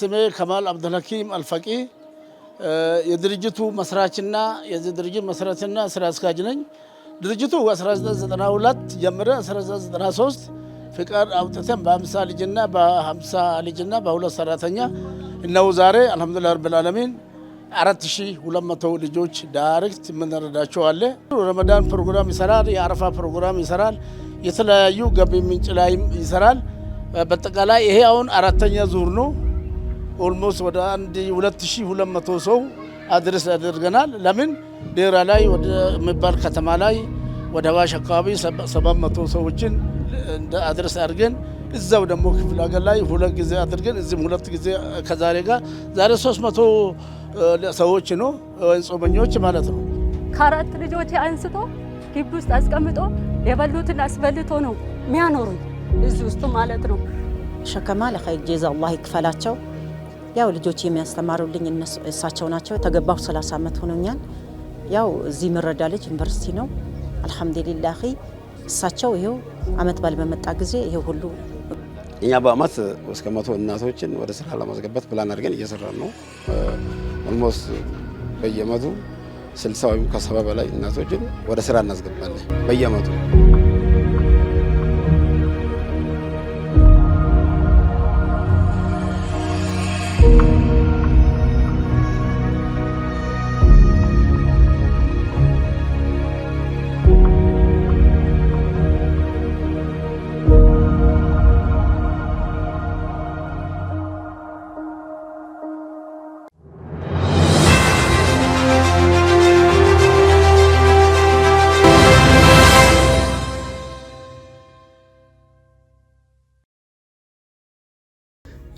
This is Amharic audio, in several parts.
ስሜ ከማል አብደልሐኪም አልፈቂ የድርጅቱ መስራችና የዚህ ድርጅት መስራችና ስራ አስኪያጅ ነኝ። ድርጅቱ 1992 ጀምረ 1993 ፍቃድ አውጥተን በ50 ልጅና በ50 ልጅና በሁለት ሰራተኛ እነው ዛሬ አልሐምዱሊላህ ረብል ዓለሚን 4200 ልጆች ዳይሬክት የምንረዳቸው አለ። ረመዳን ፕሮግራም ይሰራል፣ የአረፋ ፕሮግራም ይሰራል፣ የተለያዩ ገቢ ምንጭ ላይም ይሰራል። በጠቃላይ ይሄ አሁን አራተኛ ዙር ነው። ኦልሞስት ወደ አንድ 2200 ሰው አድረስ አድርገናል። ለምን ዴራ ላይ ወደ የሚባል ከተማ ላይ ወደ ዋሽ አካባቢ 700 ሰዎችን አድረስ አድርገን እዛው ደግሞ ክፍለ ሀገር ላይ ሁለት ጊዜ አድርገን እዚህም ሁለት ጊዜ ከዛሬ ጋር ዛሬ 300 ሰዎች ነው ጾመኞች ማለት ነው። ከአራት ልጆች አንስቶ ግቢ ውስጥ አስቀምጦ የበሉትን አስበልቶ ነው የሚያኖሩኝ እዚህ ውስጥ ማለት ነው። ሸከማ ለኸይር ጀዛ አላህ ይክፈላቸው። ያው ልጆች የሚያስተማሩልኝ እሳቸው ናቸው። የተገባሁ 30 ዓመት ሆኖኛል። ያው እዚህ ምረዳ ልጅ ዩኒቨርሲቲ ነው። አልሐምዱሊላሂ እሳቸው ይሄው አመት ባል በመጣ ጊዜ ይሄው ሁሉ እኛ በአመት እስከ መቶ እናቶችን ወደ ስራ ለማስገባት ፕላን አድርገን እየሰራን ነው። ኦልሞስት በየመቱ 60 ወይም ከሰባ በላይ እናቶችን ወደ ስራ እናስገባለን በየመቱ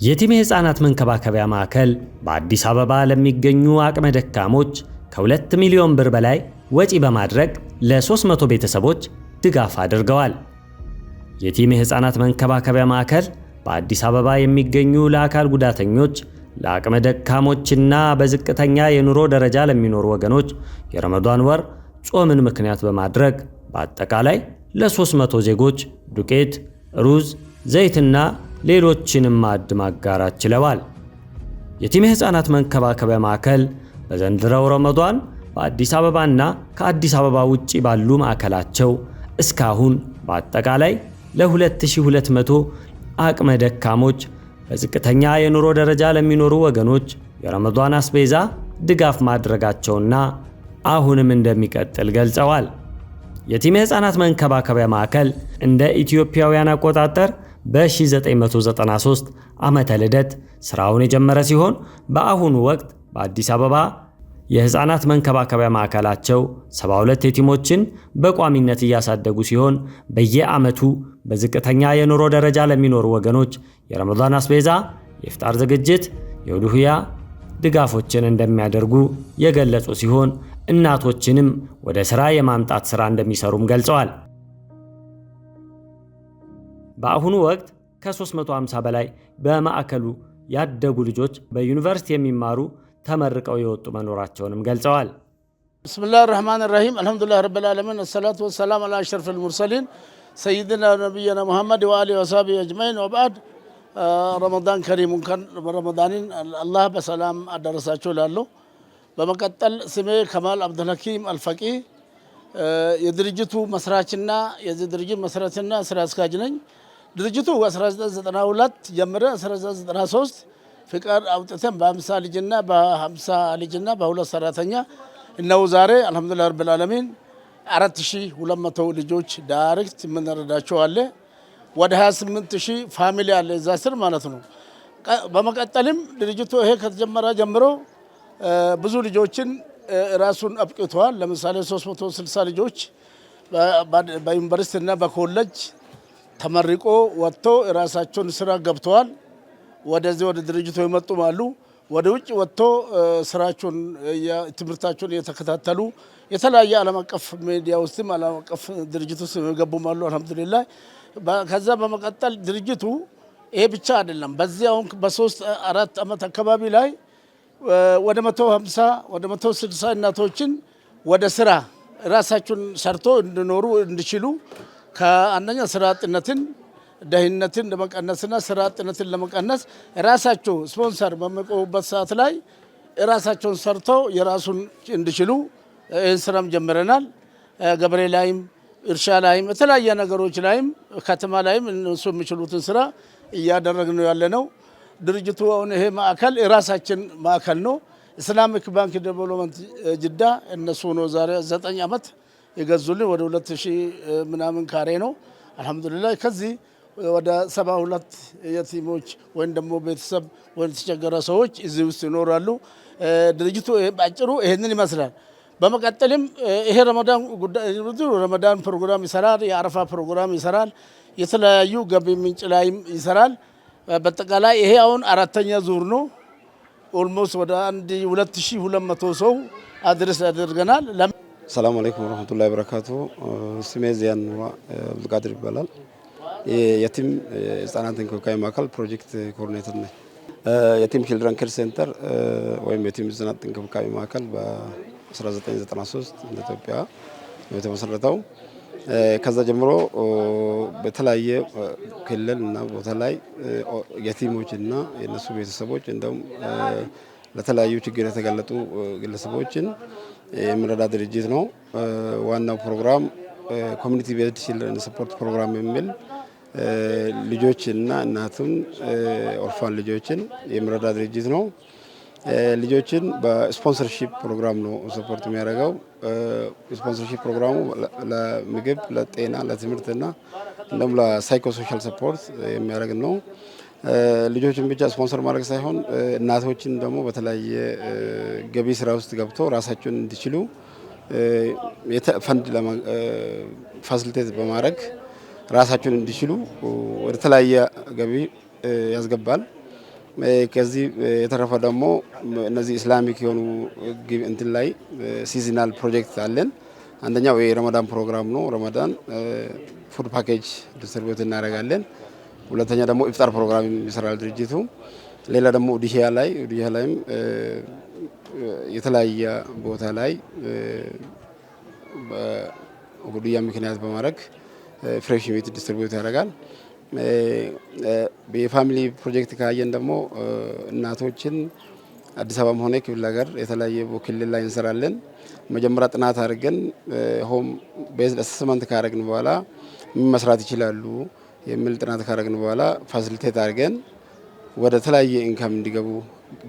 የቲሜ የህፃናት መንከባከቢያ ማዕከል በአዲስ አበባ ለሚገኙ አቅመ ደካሞች ከ2 ሚሊዮን ብር በላይ ወጪ በማድረግ ለ300 ቤተሰቦች ድጋፍ አድርገዋል። የቲም የህፃናት መንከባከቢያ ማዕከል በአዲስ አበባ የሚገኙ ለአካል ጉዳተኞች፣ ለአቅመ ደካሞችና በዝቅተኛ የኑሮ ደረጃ ለሚኖሩ ወገኖች የረመዷን ወር ጾምን ምክንያት በማድረግ በአጠቃላይ ለ300 ዜጎች ዱቄት፣ ሩዝ፣ ዘይትና ሌሎችንም ማዕድ ማጋራት ችለዋል። የቲም የሕፃናት መንከባከቢያ ማዕከል በዘንድረው ረመዷን በአዲስ አበባና ከአዲስ አበባ ውጪ ባሉ ማዕከላቸው እስካሁን በአጠቃላይ ለ2200 አቅመ ደካሞች በዝቅተኛ የኑሮ ደረጃ ለሚኖሩ ወገኖች የረመዷን አስቤዛ ድጋፍ ማድረጋቸውና አሁንም እንደሚቀጥል ገልጸዋል። የቲም የሕፃናት መንከባከቢያ ማዕከል እንደ ኢትዮጵያውያን አቆጣጠር በ1993 ዓመተ ልደት ሥራውን የጀመረ ሲሆን በአሁኑ ወቅት በአዲስ አበባ የሕፃናት መንከባከቢያ ማዕከላቸው 72 የቲሞችን በቋሚነት እያሳደጉ ሲሆን በየዓመቱ በዝቅተኛ የኑሮ ደረጃ ለሚኖሩ ወገኖች የረመዳን አስቤዛ፣ የፍጣር ዝግጅት፣ የውድሁያ ድጋፎችን እንደሚያደርጉ የገለጹ ሲሆን እናቶችንም ወደ ሥራ የማምጣት ሥራ እንደሚሰሩም ገልጸዋል። በአሁኑ ወቅት ከ350 በላይ በማዕከሉ ያደጉ ልጆች በዩኒቨርሲቲ የሚማሩ ተመርቀው የወጡ መኖራቸውንም ገልጸዋል። ብስሚላህ ራህማን ራሂም አልሐምዱሊላህ ረብል ዓለሚን ወሰላቱ ወሰላም አላ አሽረፍ ልሙርሰሊን ሰይድና ነቢይና ሙሐመድ ወአሊ ወሳቢ አጅማይን ወባዕድ ረመዳን ከሪም እንኳን ረመዳንን አላህ በሰላም አደረሳችሁ እላለሁ። በመቀጠል ስሜ ከማል አብዱልሐኪም አልፈቂ የድርጅቱ መስራችና የዚህ ድርጅት መስራችና ስራ አስኪያጅ ነኝ። ድርጅቱ 1992 ጀምረ 1993 ፍቃድ አውጥተን በ50 ልጅና በ50 ልጅና በሁለት ሰራተኛ እነው ዛሬ አልሐምዱላ ረብል ዓለሚን 4200 ልጆች ዳይሬክት የምንረዳቸው አለ። ወደ 28000 ፋሚሊ አለ እዛ ስር ማለት ነው። በመቀጠልም ድርጅቱ ይሄ ከተጀመረ ጀምሮ ብዙ ልጆችን ራሱን አብቅተዋል። ለምሳሌ 360 ልጆች በዩኒቨርሲቲ እና በኮሌጅ ተመርቆ ወጥቶ የራሳቸውን ስራ ገብተዋል። ወደዚህ ወደ ድርጅቱ የመጡም አሉ። ወደ ውጭ ወጥቶ ስራቸውን ትምህርታቸውን እየተከታተሉ የተለያየ ዓለም አቀፍ ሚዲያ ውስጥም ዓለም አቀፍ ድርጅት ውስጥ የገቡም አሉ። አልሐምዱሊላ። ከዛ በመቀጠል ድርጅቱ ይሄ ብቻ አይደለም። በዚህ አሁን በሶስት አራት ዓመት አካባቢ ላይ ወደ መቶ ሀምሳ ወደ መቶ ስድሳ እናቶችን ወደ ስራ ራሳቸውን ሰርቶ እንዲኖሩ እንዲችሉ ከአንደኛ ስራ አጥነትን ደህንነትን ለመቀነስና ስራ አጥነትን ለመቀነስ ራሳቸው ስፖንሰር በሚቆሙበት ሰዓት ላይ ራሳቸውን ሰርተው የራሱን እንዲችሉ ይህን ስራም ጀምረናል። ገበሬ ላይም እርሻ ላይም የተለያየ ነገሮች ላይም ከተማ ላይም እነሱ የሚችሉትን ስራ እያደረግን ነው ያለ ነው። ድርጅቱ አሁን ይሄ ማዕከል የራሳችን ማዕከል ነው። ኢስላሚክ ባንክ ዴቨሎፕመንት ጅዳ እነሱ ነው ዛሬ ዘጠኝ ዓመት የገዙልን ወደ ሁለት ምናምን ካሬ ነው። አልሐምዱሊላህ ከዚህ ወደ ሰባ ሁለት የቲሞች ወይም ደግሞ ቤተሰብ ወይም የተቸገረ ሰዎች እዚህ ውስጥ ይኖራሉ። ድርጅቱ በአጭሩ ይሄንን ይመስላል። በመቀጠልም ይሄ ረመዳን ረመዳን ፕሮግራም ይሰራል፣ የአረፋ ፕሮግራም ይሰራል፣ የተለያዩ ገቢ ምንጭ ላይም ይሰራል። በአጠቃላይ ይሄ አሁን አራተኛ ዙር ነው። ኦልሞስት ወደ አንድ ሁለት ሰው አድረስ ያደርገናል። ሰላም አለይኩም ወረህመቱላሂ ወበረካቱ። ስሜ ዚያን አብዱልቃድር ይባላል። የቲም ህጻናት እንክብካቤ ማዕከል ፕሮጀክት ኮኦርዲኔተር ነኝ። የቲም ችልድረን ኬር ሴንተር ወይም የቲም ህጻናት እንክብካቤ ማዕከል በ1993 እንደ ኢትዮጵያ ነው የተመሰረተው። ከዛ ጀምሮ በተለያየ ክልል እና ቦታ ላይ የቲሞች እና የነሱ ቤተሰቦች እንደውም ለተለያዩ ችግር የተጋለጡ ግለሰቦችን የምረዳ ድርጅት ነው። ዋናው ፕሮግራም ኮሚኒቲ ቤዝድ ችልድረን ስፖርት ፕሮግራም የሚል ልጆችንና እናቱን ኦርፋን ልጆችን የምረዳ ድርጅት ነው። ልጆችን በስፖንሰርሺፕ ፕሮግራም ነው ሰፖርት የሚያደርገው። ስፖንሰርሺፕ ፕሮግራሙ ለምግብ፣ ለጤና፣ ለትምህርትና እንዲሁም ለሳይኮሶሻል ሰፖርት የሚያደርግ ነው። ልጆችን ብቻ ስፖንሰር ማድረግ ሳይሆን እናቶችን ደግሞ በተለያየ ገቢ ስራ ውስጥ ገብተው ራሳቸውን እንዲችሉ ፈንድ ፋሲሊቴት በማድረግ ራሳቸውን እንዲችሉ ወደ ተለያየ ገቢ ያስገባል። ከዚህ የተረፈ ደግሞ እነዚህ ኢስላሚክ የሆኑ እንትን ላይ ሲዝናል ፕሮጀክት አለን። አንደኛው የረመዳን ፕሮግራም ነው። ረመዳን ፉድ ፓኬጅ ዲስትሪቢዩት እናደርጋለን። ሁለተኛ ደግሞ ኢፍጣር ፕሮግራም ይሰራል ድርጅቱ። ሌላ ደግሞ ኡድሂያ ላይ ኡድሂያ ላይም የተለያየ ቦታ ላይ ሁዱያ ምክንያት በማድረግ ፍሬሽ ቤት ዲስትሪቢዩት ያደርጋል። የፋሚሊ ፕሮጀክት ካየን ደግሞ እናቶችን አዲስ አበባም ሆነ ክፍለ ሀገር የተለያየ ክልል ላይ እንሰራለን። መጀመሪያ ጥናት አድርገን ሆም ቤዝድ አሰስመንት ካደረግን በኋላ ምን መስራት ይችላሉ የሚል ጥናት ካረግን በኋላ ፋሲሊቴት አድርገን ወደ ተለያየ ኢንካም እንዲገቡ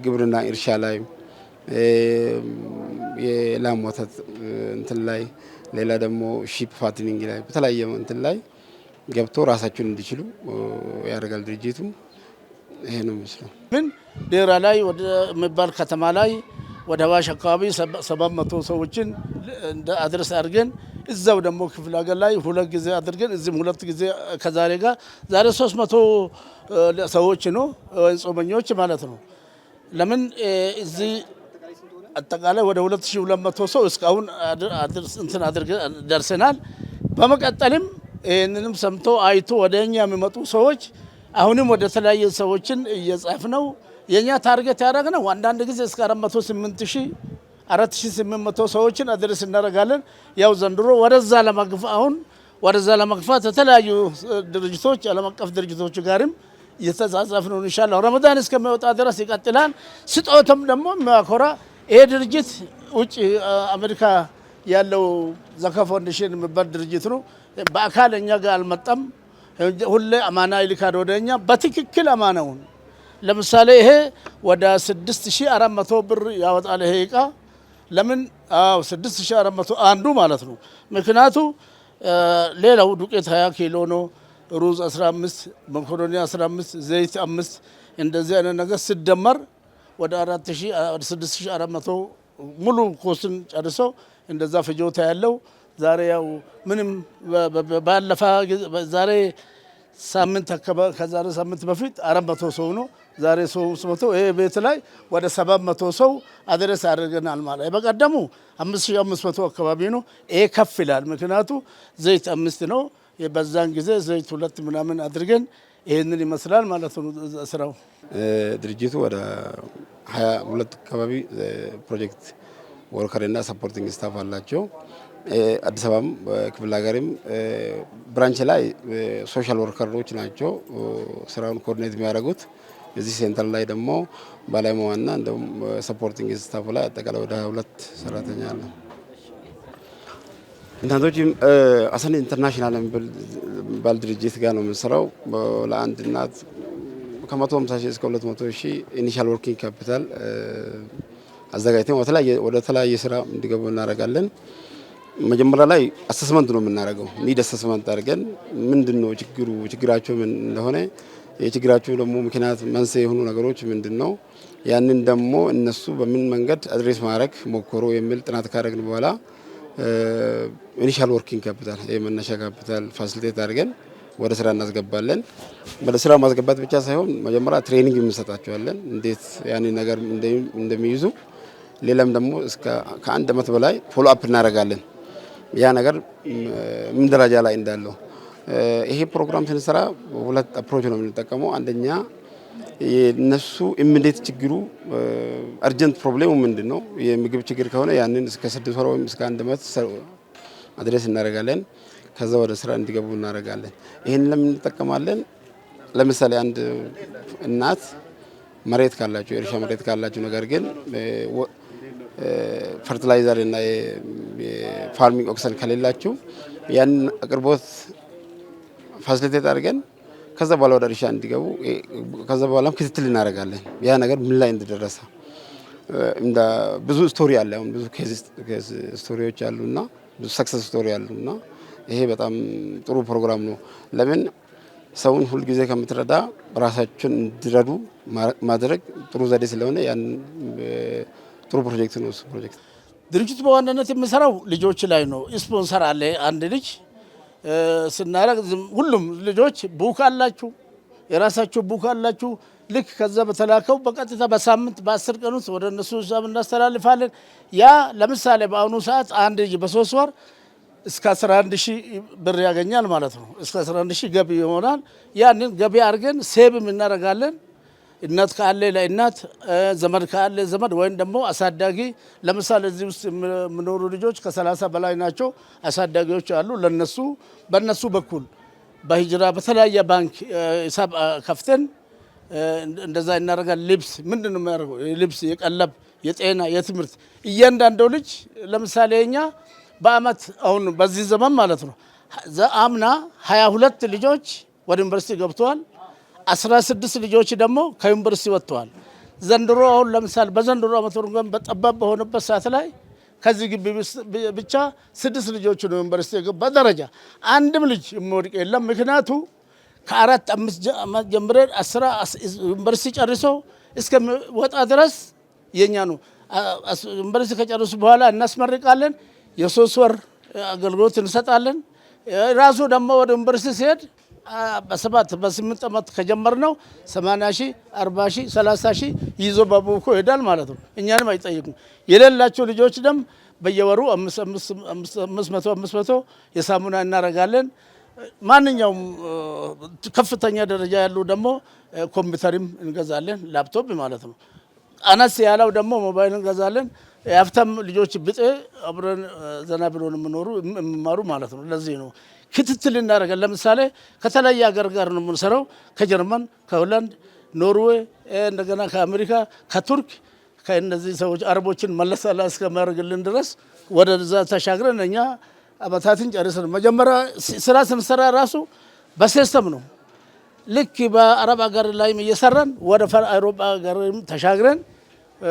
ግብርና፣ እርሻ ላይ፣ የላም ወተት እንትን ላይ፣ ሌላ ደግሞ ሺፕ ፋትኒንግ ላይ በተለያየ እንትን ላይ ገብቶ ራሳቸውን እንዲችሉ ያደርጋል ድርጅቱ። ይሄ ነው ምስሉ። ምን ዴራ ላይ የሚባል ከተማ ላይ ወደ አዋሽ አካባቢ ሰባት መቶ ሰዎችን አድረስ አድርገን እዛው ደግሞ ክፍለ ሀገር ላይ ሁለት ጊዜ አድርገን እዚህም ሁለት ጊዜ ከዛሬ ጋር ዛሬ ሶስት መቶ ሰዎች ነው ጾመኞች ማለት ነው። ለምን እዚህ አጠቃላይ ወደ 2200 ሰው እስካሁን እንትን አድርገ ደርሰናል። በመቀጠልም ይህንንም ሰምቶ አይቶ ወደ እኛ የሚመጡ ሰዎች አሁንም ወደ ተለያየ ሰዎችን እየጻፍ ነው። የእኛ ታርጌት ነው አንዳንድ ጊዜ እስከ 408 ሺህ አራት ሺህ ስምንት መቶ ሰዎችን አድረስ እናደርጋለን። ያው ዘንድሮ ወደዛ ለመግፋ አሁን ወደዛ ለመግፋት የተለያዩ ድርጅቶች ዓለም አቀፍ ድርጅቶች ጋርም እየተጻጻፍ ነው። ረመዳን እስከሚወጣ ድረስ ይቀጥላል። ስጦትም ደግሞ የሚያኮራ ይሄ ድርጅት ውጭ አሜሪካ ያለው ዘካ ፋውንዴሽን የሚባል ድርጅት ነው። በአካል እኛ ጋር አልመጣም። ሁሌ አማና ይልካል በትክክል አማናውን ለምሳሌ ይሄ ወደ 6400 ብር ያወጣል ይሄ እቃ ለምን? አዎ 6400 አንዱ ማለት ነው። ምክንያቱ ሌላው ዱቄት 20 ኪሎ ነው፣ ሩዝ 15፣ መኮሮኒ 15፣ ዘይት 5 እንደዚህ አይነት ነገር ሲደመር ወደ 6400 ሙሉ ኮስን ጨርሶ እንደዛ ፍጆታ ያለው ዛሬ ያው ምንም ባለፈ ዛሬ ሳምንት ከዛሬ ሳምንት በፊት 400 ሰው ነው። ዛሬ ሶስት መቶ ይሄ ቤት ላይ ወደ ሰባት መቶ ሰው አድረስ አድርገናል ማለት በቀደሙ አምስት አምስት መቶ አካባቢ ነው። ይሄ ከፍ ይላል። ምክንያቱ ዘይት አምስት ነው። በዛን ጊዜ ዘይት ሁለት ምናምን አድርገን ይህንን ይመስላል ማለት ነው ስራው። ድርጅቱ ወደ ሀያ ሁለት አካባቢ ፕሮጀክት ወርከርና ሰፖርቲንግ ስታፍ አላቸው። አዲስ አበባም ክፍለ ሀገርም ብራንች ላይ ሶሻል ወርከሮች ናቸው ስራውን ኮኦርዲኔት የሚያደርጉት። እዚህ ሴንተር ላይ ደግሞ ባለሙያና እንደውም ሰፖርቲንግ ስታፍ ላይ አጠቃላይ ወደ ሁለት ሰራተኛ አለ። እናቶች አሰን ኢንተርናሽናል የሚባል ባል ድርጅት ጋር ነው የምንሰራው። ለአንድ እናት ከመቶ 150 ሺህ እስከ 200 ሺህ ኢኒሻል ወርኪንግ ካፒታል አዘጋጅተን ወደ ተለያየ ስራ እንዲገቡ እናደርጋለን። መጀመሪያ ላይ አሰስመንት ነው የምናደርገው። ኒድ አሰስመንት አድርገን ምንድን ነው ችግሩ ችግራቸው ምን እንደሆነ የችግራችሁ ደግሞ ምክንያት መንስኤ የሆኑ ነገሮች ምንድን ነው? ያንን ደግሞ እነሱ በምን መንገድ አድሬስ ማድረግ ሞከሩ የሚል ጥናት ካደረግን በኋላ ኢኒሻል ወርኪንግ ካፒታል የመነሻ ካፒታል ፋሲሊቴት አድርገን ወደ ስራ እናስገባለን። ወደ ስራ ማስገባት ብቻ ሳይሆን መጀመሪያ ትሬኒንግ የምንሰጣቸዋለን እንዴት ያንን ነገር እንደሚይዙ። ሌላም ደግሞ ከአንድ ዓመት በላይ ፎሎ አፕ እናደርጋለን ያ ነገር ምን ደረጃ ላይ እንዳለው ይሄ ፕሮግራም ስንሰራ ሁለት አፕሮች ነው የምንጠቀመው። አንደኛ የነሱ ኢሚዲየት ችግሩ አርጀንት ፕሮብሌሙ ምንድን ነው? የምግብ ችግር ከሆነ ያንን እስከ ስድስት ወር ወይም እስከ አንድ መት አድሬስ እናደርጋለን። ከዛ ወደ ስራ እንዲገቡ እናደርጋለን። ይህን ለምን እንጠቀማለን? ለምሳሌ አንድ እናት መሬት ካላቸው የእርሻ መሬት ካላቸው ነገር ግን ፈርቲላይዘር uh, uh, እና የፋርሚንግ ኦክሰን ከሌላችው ያንን አቅርቦት ፋሲሊቴት አድርገን ከዛ በኋላ ወደ እርሻ እንዲገቡ ከዛ በኋላም ክትትል እናደርጋለን። ያ ነገር ምን ላይ እንደደረሰ እንደ ብዙ ስቶሪ አለ። አሁን ብዙ ኬዝ ስቶሪዎች እና ብዙ ሰክሰስ ስቶሪ እና ይሄ በጣም ጥሩ ፕሮግራም ነው። ለምን ሰውን ሁልጊዜ ከምትረዳ ራሳችን እንዲረዱ ማድረግ ጥሩ ዘዴ ስለሆነ ያን ጥሩ ፕሮጀክት ነው። ፕሮጀክት ድርጅቱ በዋናነት የምሰራው ልጆች ላይ ነው። ስፖንሰር አለ አንድ ልጅ ስናረግ ሁሉም ልጆች ቡክ አላችሁ፣ የራሳችሁ ቡክ አላችሁ። ልክ ከዛ በተላከው በቀጥታ በሳምንት በአስር ቀን ውስጥ ወደ እነሱ ሳብ እናስተላልፋለን። ያ ለምሳሌ በአሁኑ ሰዓት አንድ ልጅ በሶስት ወር እስከ 11 ሺህ ብር ያገኛል ማለት ነው። እስከ 11 ሺህ ገቢ ይሆናል። ያንን ገቢ አድርገን ሴብም እናደርጋለን። እናት ካለ ለእናት ዘመድ ካለ ዘመድ ወይም ደግሞ አሳዳጊ ለምሳሌ እዚህ ውስጥ የሚኖሩ ልጆች ከሰላሳ በላይ ናቸው። አሳዳጊዎች አሉ። ለነሱ በነሱ በኩል በሂጅራ በተለያየ ባንክ ሂሳብ ከፍተን እንደዛ እናደርጋለን። ልብስ ምንድን ነው የሚያደርገው? ልብስ፣ የቀለብ፣ የጤና፣ የትምህርት እያንዳንደው ልጅ ለምሳሌ እኛ በአመት አሁን በዚህ ዘመን ማለት ነው አምና ሀያ ሁለት ልጆች ወደ ዩኒቨርሲቲ ገብተዋል። አስራ ስድስት ልጆች ደግሞ ከዩኒቨርሲቲ ወጥተዋል። ዘንድሮ አሁን ለምሳሌ በዘንድሮ ዓመት ሩገን በጠባብ በሆነበት ሰዓት ላይ ከዚህ ግቢ ብቻ ስድስት ልጆች ነው ዩኒቨርሲቲ የገባ ደረጃ አንድም ልጅ የሚወድቅ የለም። ምክንያቱ ከአራት አምስት ዓመት ጀምረን አስራ ዩኒቨርሲቲ ጨርሶ እስከሚወጣ ድረስ የኛ ነው። ዩኒቨርሲቲ ከጨርሱ በኋላ እናስመርቃለን። የሶስት ወር አገልግሎት እንሰጣለን። ራሱ ደግሞ ወደ ዩኒቨርሲቲ ሲሄድ በሰባት በስምንት ዓመት ከጀመርነው 80 ሺ 40 ሺ 30 ሺ ይዞ በቦኮ ይሄዳል ማለት ነው። እኛንም አይጠይቁም። የሌላቸው ልጆች ደም በየወሩ አምስት መቶ አምስት መቶ የሳሙና ማንኛውም ከፍተኛ ደረጃ ያሉ ደግሞ ኮምፒውተርም እንገዛለን፣ ላፕቶፕ ማለት ነው። አነስ ያለው ደግሞ ሞባይል እንገዛለን። የሀብታም ልጆች ብጤ አብረን ዘና ብሎን የምኖሩ የሚማሩ ማለት ነው። ለዚህ ነው ክትትል እናደርጋል። ለምሳሌ ከተለያየ ሀገር ጋር ነው የምንሰራው፣ ከጀርመን፣ ከሆላንድ፣ ኖርዌይ፣ እንደገና ከአሜሪካ፣ ከቱርክ ከእነዚህ ሰዎች አረቦችን መለስ እስከሚያደርግልን ድረስ ወደዛ ተሻግረን እኛ አመታትን ጨርሰን መጀመሪያ ስራ ስንሰራ ራሱ በሲስተም ነው። ልክ በአረብ ሀገር ላይም እየሰራን ወደ አውሮፓ ሀገርም ተሻግረን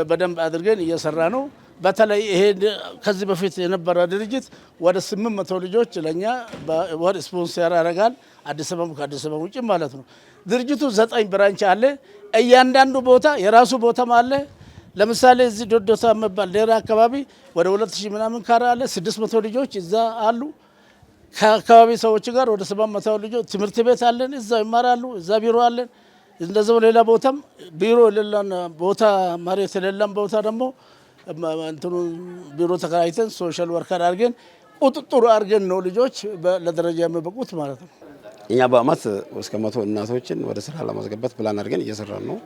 በደንብ አድርገን እየሰራ ነው። በተለይ ይሄ ከዚህ በፊት የነበረ ድርጅት ወደ ስምንት መቶ ልጆች ለእኛ ወር ስፖንሰር ያደርጋል። አዲስ አበባ ከአዲስ አበባ ውጭ ማለት ነው። ድርጅቱ ዘጠኝ ብራንች አለ። እያንዳንዱ ቦታ የራሱ ቦታም አለ። ለምሳሌ እዚህ ዶዶታ የሚባል ሌላ አካባቢ ወደ ሁለት ሺህ ምናምን ካራ አለ። ስድስት መቶ ልጆች እዛ አሉ። ከአካባቢ ሰዎች ጋር ወደ ሰባት መቶ ልጆች ትምህርት ቤት አለን። እዛ ይማራሉ። እዛ ቢሮ አለን። እንደዚያው ሌላ ቦታም ቢሮ የሌለን ቦታ መሬት የሌለን ቦታ ደግሞ ቢሮ ተከራይተን ሶሻል ወርከር አድርገን ቁጥጥሩ አድርገን ነው ልጆች ለደረጃ የሚበቁት ማለት ነው። እኛ በአመት እስከ መቶ እናቶችን ወደ ስራ ለማስገባት ፕላን አድርገን እየሰራን ነው።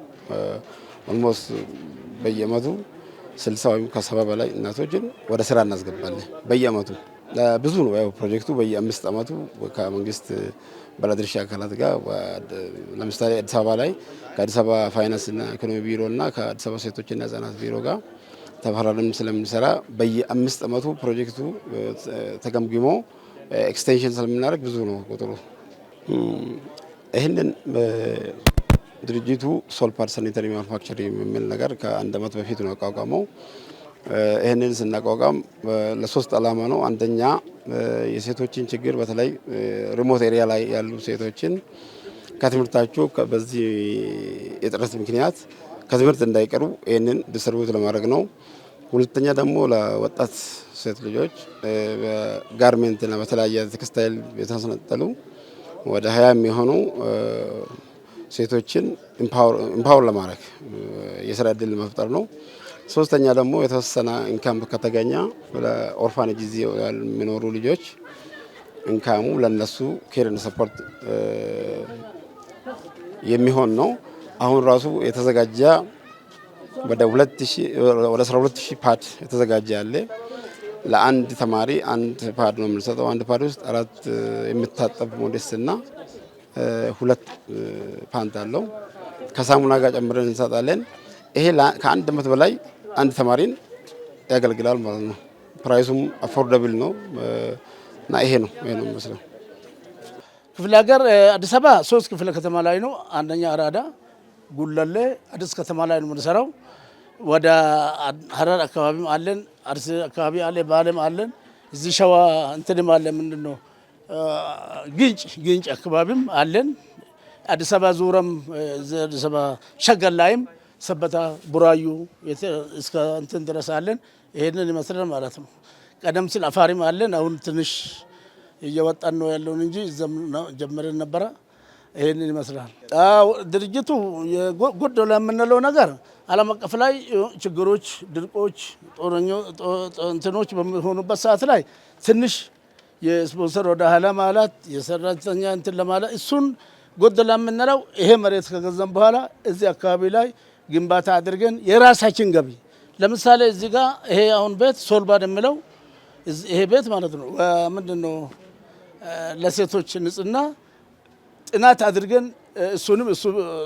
ኦልሞስት በየመቱ ስልሳ ወይም ከሰባ በላይ እናቶችን ወደ ስራ እናስገባለን በየአመቱ ብዙ ነው ያው ፕሮጀክቱ በየአምስት አመቱ ከመንግስት ባለድርሻ አካላት ጋር ለምሳሌ አዲስ አበባ ላይ ከአዲስ አበባ ፋይናንስና ኢኮኖሚ ቢሮ እና ከአዲስ አበባ ሴቶችና ህጻናት ቢሮ ጋር ተፈራርም ስለምንሰራ በየአምስት ዓመቱ ፕሮጀክቱ ተገምግሞ ኤክስቴንሽን ስለምናደርግ ብዙ ነው ቁጥሩ። ይህንን ድርጅቱ ሶልፓር ሳኒታሪ ማኑፋክቸሪንግ የሚል ነገር ከአንድ ዓመት በፊት ነው ያቋቋመው። ይህንን ስናቋቋም ለሶስት ዓላማ ነው። አንደኛ የሴቶችን ችግር በተለይ ሪሞት ኤሪያ ላይ ያሉ ሴቶችን ከትምህርታቸው በዚህ እጥረት ምክንያት ከትምህርት እንዳይቀሩ ይህንን ዲስትሪቢዩት ለማድረግ ነው። ሁለተኛ ደግሞ ለወጣት ሴት ልጆች ጋርሜንትና በተለያየ ቴክስታይል የተሰነጠሉ ወደ ሀያ የሚሆኑ ሴቶችን ኢምፓወር ለማድረግ የስራ እድል መፍጠር ነው። ሶስተኛ ደግሞ የተወሰነ ኢንካም ከተገኘ ለኦርፋኔጅ ጊዜ የሚኖሩ ልጆች ኢንካሙ ለነሱ ኬርን ሰፖርት የሚሆን ነው። አሁን ራሱ የተዘጋጀ ወደ 12000 ፓድ የተዘጋጀ ያለ ለአንድ ተማሪ አንድ ፓድ ነው የምንሰጠው። አንድ ፓድ ውስጥ አራት የሚታጠብ ሞዴስ እና ሁለት ፓንት አለው። ከሳሙና ጋር ጨምረን እንሰጣለን። ይሄ ከአንድ መቶ በላይ አንድ ተማሪን ያገለግላል ማለት ነው። ፕራይሱም አፎርደብል ነው እና ይሄ ነው ይሄ ነው የሚመስለው። ክፍለ ሀገር አዲስ አበባ ሶስት ክፍለ ከተማ ላይ ነው። አንደኛ አራዳ ጉለሌ አዲስ ከተማ ላይ ነው የምንሰራው። ወደ ሀረር አካባቢም አለን፣ አርሲ አካባቢ አለ፣ ባሌም አለን። እዚህ ሸዋ እንትንም አለ። ምንድን ነው ግንጭ ግንጭ አካባቢም አለን። አዲስ አበባ ዙረም አዲስ አበባ ሸገር ላይም ሰበታ፣ ቡራዩ እስከ እንትን ድረስ አለን። ይሄንን ይመስላል ማለት ነው። ቀደም ሲል አፋሪም አለን። አሁን ትንሽ እየወጣን ነው ያለውን እንጂ ጀምረን ነበረ። ይህንን ይመስላል። ድርጅቱ ጎደለ የምንለው ነገር ዓለም አቀፍ ላይ ችግሮች፣ ድርቆች፣ እንትኖች በሚሆኑበት ሰዓት ላይ ትንሽ የስፖንሰር ወደ ኋላ ማለት የሰራተኛ እንትን ለማለት እሱን ጎደለ የምንለው ይሄ መሬት ከገዛም በኋላ እዚህ አካባቢ ላይ ግንባታ አድርገን የራሳችን ገቢ ለምሳሌ እዚህ ጋር ይሄ አሁን ቤት ሶልባድ የሚለው ይሄ ቤት ማለት ነው ምንድን ነው ለሴቶች ንጽህና ጥናት አድርገን እሱንም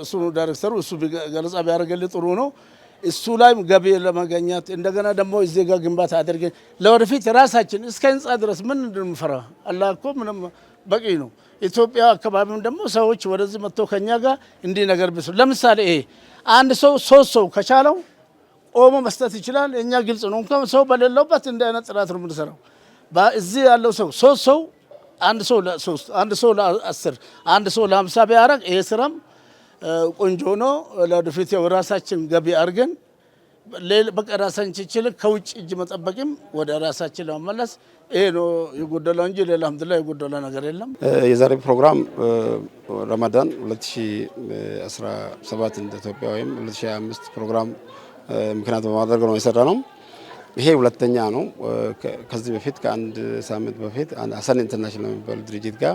እሱ ዳይሬክተሩ እሱ ገለጻ ቢያደርግልን ጥሩ ነው። እሱ ላይም ገቢ ለማገኘት እንደገና ደግሞ እዚህ ጋር ግንባታ አድርገን ለወደፊት ራሳችን እስከ ህንጻ ድረስ ምን እንድንፈራ አላህ እኮ ምንም በቂ ነው። ኢትዮጵያ አካባቢም ደግሞ ሰዎች ወደዚህ መጥቶ ከኛ ጋር እንዲህ ነገር ብስ ለምሳሌ ይሄ አንድ ሰው ሶስት ሰው ከቻለው ቆሞ መስጠት ይችላል። እኛ ግልጽ ነው። እንኳን ሰው በሌለውበት እንደ አይነት ጥናት ነው የምንሰራው። እዚህ ያለው ሰው ሶስት ሰው አንድ ሰው ለሶስት አንድ ሰው ለአስር አንድ ሰው ለሀምሳ ቢያደርግ ይሄ ስራም ቆንጆ ነው። ለወደፊት ያው ራሳችን ገቢ አድርገን በቃ ራሳችን ችልን ከውጭ እጅ መጠበቅም ወደ ራሳችን ለመመለስ ይሄ ነው የጎደለው እንጂ ሌላ አልሐምዱሊላህ የጎደለ ነገር የለም። የዛሬ ፕሮግራም ረመዳን 2017 እንደ ኢትዮጵያ ወይም 2025 ፕሮግራም ምክንያት በማድረግ ነው የሰራ ነው። ይሄ ሁለተኛ ነው። ከዚህ በፊት ከአንድ ሳምንት በፊት አሰን ኢንተርናሽናል የሚባል ድርጅት ጋር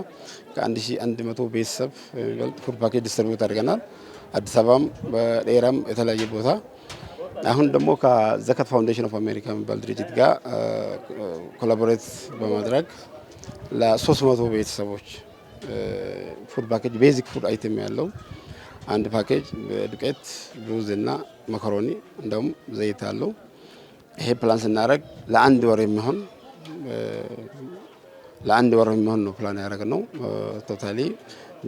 ከ1100 ቤተሰብ የሚበልጥ ፉድ ፓኬጅ ዲስትሪቢዩት አድርገናል። አዲስ አበባም በሌራም የተለያየ ቦታ አሁን ደግሞ ከዘከት ፋውንዴሽን ኦፍ አሜሪካ የሚባል ድርጅት ጋር ኮላቦሬት በማድረግ ለ300 ቤተሰቦች ፉድ ፓኬጅ ቤዚክ ፉድ አይተም ያለው አንድ ፓኬጅ ዱቄት፣ ሩዝ እና መኮሮኒ እንደውም ዘይት አለው። ይሄ ፕላን ስናደርግ ለአንድ ወር የሚሆን ለአንድ ወር የሚሆን ነው ፕላን ያደረግ ነው። ቶታሊ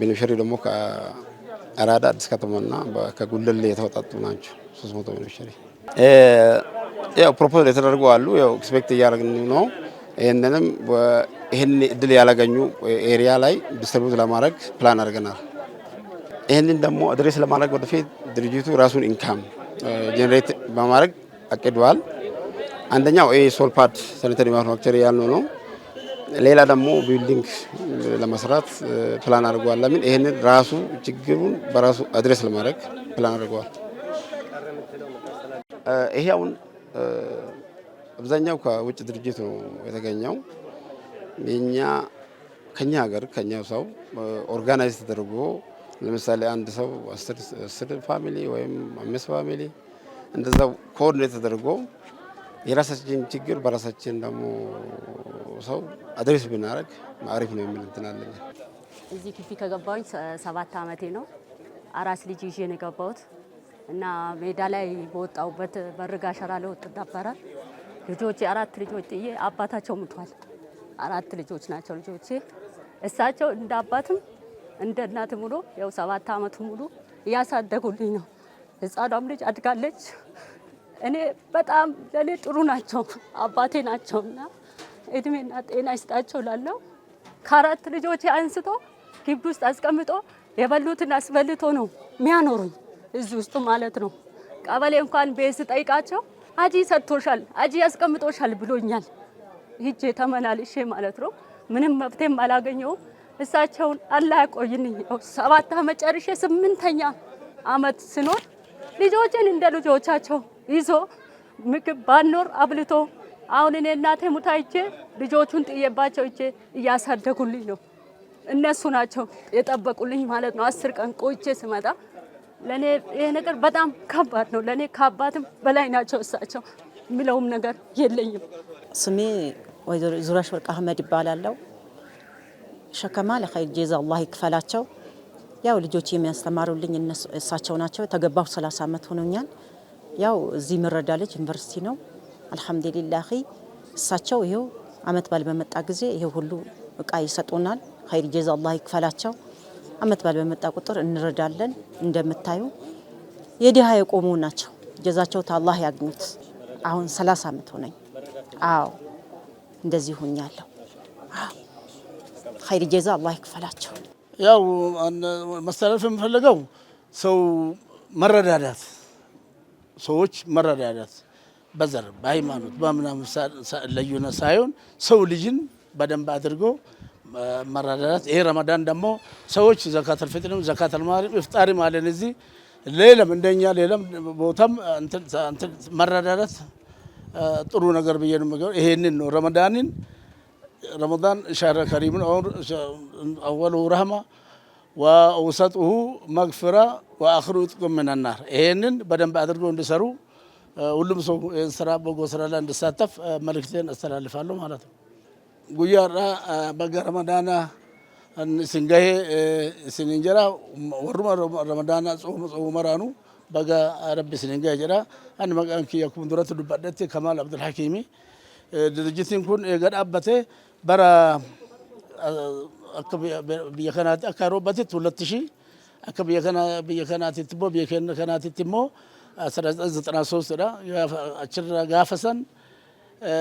ቤኔፊሻሪ ደግሞ ከአራዳ አዲስ ከተማና ከጉልል የተወጣጡ ናቸው። ሶስት መቶ ቤኔፊሻሪ ያው ፕሮፖዝ የተደረጉ አሉ። ያው ኤክስፔክት እያደረግን ነው። ይህንንም ይህን እድል ያላገኙ ኤሪያ ላይ ዲስትሪቡት ለማድረግ ፕላን አድርገናል። ይህንን ደግሞ አድሬስ ለማድረግ ወደፊት ድርጅቱ ራሱን ኢንካም ጀኔሬት በማድረግ አቅደዋል። አንደኛው ይሄ ሶልፓድ ፓድ ሳኒተሪ ማኑፋክቸር ያልነው ነው። ሌላ ደግሞ ቢልዲንግ ለመስራት ፕላን አድርጓል። ለምን ይህንን ራሱ ችግሩን በራሱ አድሬስ ለማድረግ ፕላን አድርገዋል። ይሄ አሁን አብዛኛው ከውጭ ድርጅት ነው የተገኘው። የኛ ከኛ ሀገር ከኛው ሰው ኦርጋናይዝ ተደርጎ ለምሳሌ አንድ ሰው አስር ፋሚሊ ወይም አምስት ፋሚሊ እንደዛው ኮኦርዲኔት ተደርጎ የራሳችን ችግር በራሳችን ደግሞ ሰው አድሬስ ብናደርግ አሪፍ ነው የሚል እንትን አለኝ። እዚህ ክፊ ከገባሁኝ ሰባት ዓመቴ ነው። አራስ ልጅ ይዤ ነው የገባሁት እና ሜዳ ላይ በወጣሁበት በርጋ ሸራ ላይ ወጥ ነበረ። ልጆች አራት ልጆች ጥዬ አባታቸው ሙቷል። አራት ልጆች ናቸው ልጆቼ። እሳቸው እንደ አባትም እንደ እናት ሙሉ ያው ሰባት አመቱ ሙሉ እያሳደጉልኝ ነው። ህፃኗም ልጅ አድጋለች። እኔ በጣም ለእኔ ጥሩ ናቸው፣ አባቴ ናቸውና እድሜና ጤና ይስጣቸው ላለው ከአራት ልጆች አንስቶ ግቢ ውስጥ አስቀምጦ የበሉትን አስበልቶ ነው የሚያኖሩኝ እዚህ ውስጥ ማለት ነው። ቀበሌ እንኳን ቤት ስጠይቃቸው አጂ ሰጥቶሻል፣ አጂ ያስቀምጦሻል ብሎኛል። ሂጄ ተመላልሼ ማለት ነው። ምንም መፍትሄም አላገኘውም። እሳቸውን አላህ ያቆይን። ሰባት ዓመት ጨርሼ ስምንተኛ አመት ስኖር ልጆችን እንደ ልጆቻቸው ይዞ ምግብ ባኖር አብልቶ አሁን እኔ እናቴ ሙታ ይቼ ልጆቹን ጥየባቸው ይቼ እያሳደጉልኝ ነው። እነሱ ናቸው የጠበቁልኝ ማለት ነው። አስር ቀን ቆይቼ ስመጣ ለእኔ ይሄ ነገር በጣም ከባድ ነው። ለእኔ ከአባትም በላይ ናቸው እሳቸው። የሚለውም ነገር የለኝም። ስሜ ወይዘሮ ዙሪያሽ ወርቅ አህመድ ይባላለው። ሸከማ ለኸይር ጀዛ አላህ ይክፈላቸው። ያው ልጆች የሚያስተማሩልኝ እሳቸው ናቸው። የተገባሁ 30 ዓመት ሆኖኛል። ያው እዚህ ምረዳለች ዩኒቨርሲቲ ነው። አልሐምዱሊላሂ እሳቸው ይሄው አመት ባል በመጣ ጊዜ ይሄ ሁሉ እቃ ይሰጡናል። ኸይር ጀዛ አላህ ይክፈላቸው። አመት ባል በመጣ ቁጥር እንረዳለን። እንደምታዩ የድሃ የቆሙ ናቸው። ጀዛቸው ታላህ ያግኙት። አሁን 30 አመት ሆነኝ። አዎ እንደዚህ ሁኛለሁ። ኸይር ጀዛ አላህ ይክፈላቸው። ያው መስተላለፍ የምፈልገው ሰው መረዳዳት ሰዎች መረዳዳት በዘር በሃይማኖት በምናምን ልዩነት ሳይሆን ሰው ልጅን በደንብ አድርጎ መረዳዳት። ይሄ ረመዳን ደግሞ ሰዎች ዘካተል ፊጥርም ዘካተል ኢፍጣሪም አለን እዚህ ሌለም እንደኛ ሌለም ቦታም መረዳዳት ጥሩ ነገር ብዬ ነው የምገባው። ይሄንን ነው ረመዳንን ረመዳን ሻረ ከሪምን አወሉ ረህማ ወውሰጡሁ መግፍራ ወአኽሩ ይጥቁም ምንናር ይሄንን በደንብ አድርገው እንዲሰሩ ሁሉም ሰው ይህን ስራ በጎ ስራ ላይ እንዲሳተፍ መልእክቴን አስተላልፋለሁ ማለት ነው። ጉያራ በገረመዳና ረመዳና ስንገሄ ስንንጀራ ወሩ ረመዳና ጾሙ ጾሙ መራኑ በጋ ረቢ ስንንገሄ ጀራ አንድ መቃንኪ ኪያ ዱረት ዱባደት ከማል አብዱል ድርጅትን ኩን ገዳበቴ በራ akka biyya kanaatti akka yeroo akka biyya kana biyya kanaatitti immoo biyya keenya kanaatitti immoo 1993 dha achirra gaafa san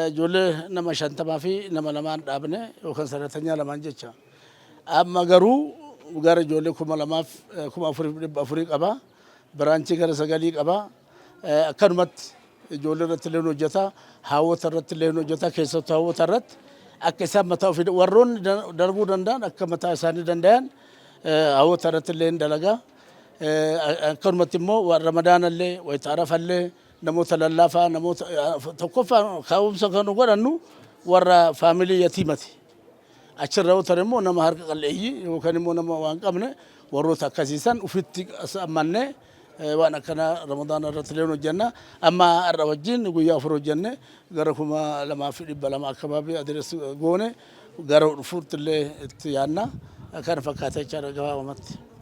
ijoollee nama shantamaa fi nama lamaan dhaabne yookaan sadartanya lamaan jecha amma garuu gara ijoollee kuma lamaaf kuma afuriif dhibba afurii qaba biraanchii gara sagalii qaba akkanumatti ijoollee irratti illee hojjeta haawwata irratti illee hojjeta keessattuu haawwata irratti akka isaan mataa ofii warroonni darbuu danda'an akka mataa isaanii danda'an hawwatarrattillee dalagaa akkanumatti immoo ramadaanallee wayitaarafallee namoota lallaafaa namoota tokkoffaa kaa'umsa kan godhannu warra faamilii yatiimati. Achirra yoo ta'e immoo nama harka qalleeyyii yookaan immoo nama waan qabne warroota akkasiisan ufitti ammannee waan akkana ramadaana irratti illee hojjenna. Amma har'a wajjin guyyaa afur hojjenne gara kuma lamaa fi dhibba lama akka baabee adirees goone gara dhufuutti illee itti yaadna. كان فكاتك أنا قهوة ومت